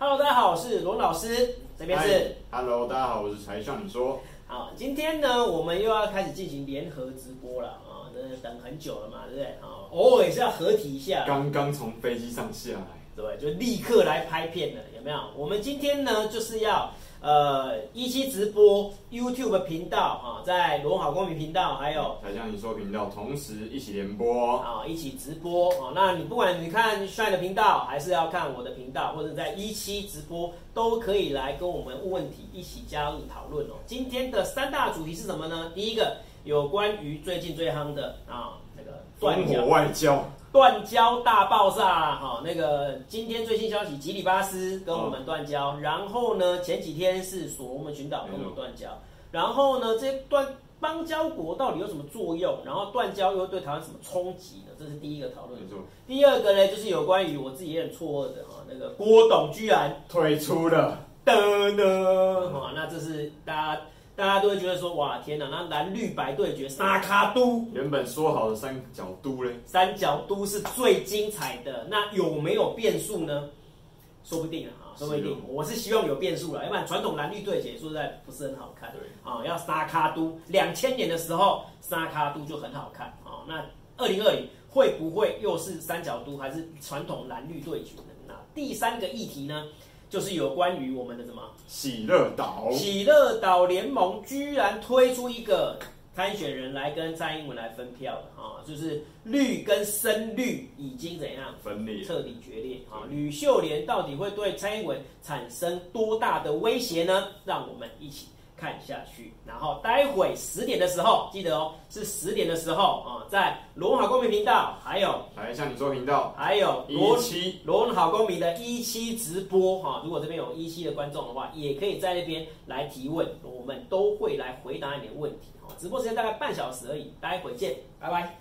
Hello，大家好，我是羅老師，Hi, 這邊是。Hello，大家好，我是柴商你說。好，今天呢，我們又要開始進行聯合直播了啊！哦、真的等很久了嘛，對不對啊？偶、哦、爾是要合體一下。剛剛從飛機上下來，對不對？就立刻來拍片了，有沒有？我們今天呢，就是要。呃，一期直播 YouTube 頻道啊，在羅文好公民頻道，還有才江你說頻道，同時一起聯播、哦、啊，一起直播啊。那你不管你看誰的頻道，還是要看我的頻道，或者在一期直播，都可以來跟我們問問題，一起加入討論哦。今天的三大主題是什麼呢？第一個有關於最近最夯的啊，這、那個烽火外交。斷交大爆炸，好，那個今天最新消息，吉里巴斯跟我們斷交，哦，然後呢，前幾天是索羅門群島跟我們斷交，然後呢，這些斷邦交國到底有什麼作用？然後斷交又會對台灣什麼衝擊呢？這是第一個討論。沒錯。第二個呢，就是有關於我自己也很錯愕的，哈，那個郭董居然退出了等等哈，那這是大家。大家都會覺得說，哇，天哪！那藍綠白對決，沙卡都。原本說好的三角都嘞？三角都是最精彩的。那有沒有變數呢？說不定啊，說不定。是哦、我是希望有變數啦，要不然傳統藍綠對決說實在不是很好看。啊、哦，要沙卡都。兩千年的時候，沙卡都就很好看啊、哦。那二零二零會不會又是三角都，還是傳統藍綠對決呢？那第三個議題呢？就是有關於我們的什麼喜樂島？喜樂島聯盟居然推出一個參選人來跟蔡英文來分票的啊！就是綠跟深綠已經怎樣分裂，徹底決裂啊？呂秀蓮到底會對蔡英文產生多大的威脅呢？讓我們一起。看下去，然後待會十點的時候記得哦，是十點的時候啊、嗯，在羅文好公民頻道，還有來向你說頻道，還有羅琦，羅文好公民的一期直播哈、哦。如果這邊有一期的觀眾的話，也可以在那邊來提問，我們都會來回答你的問題啊、哦，直播時間大概半小時而已，待會見，拜拜。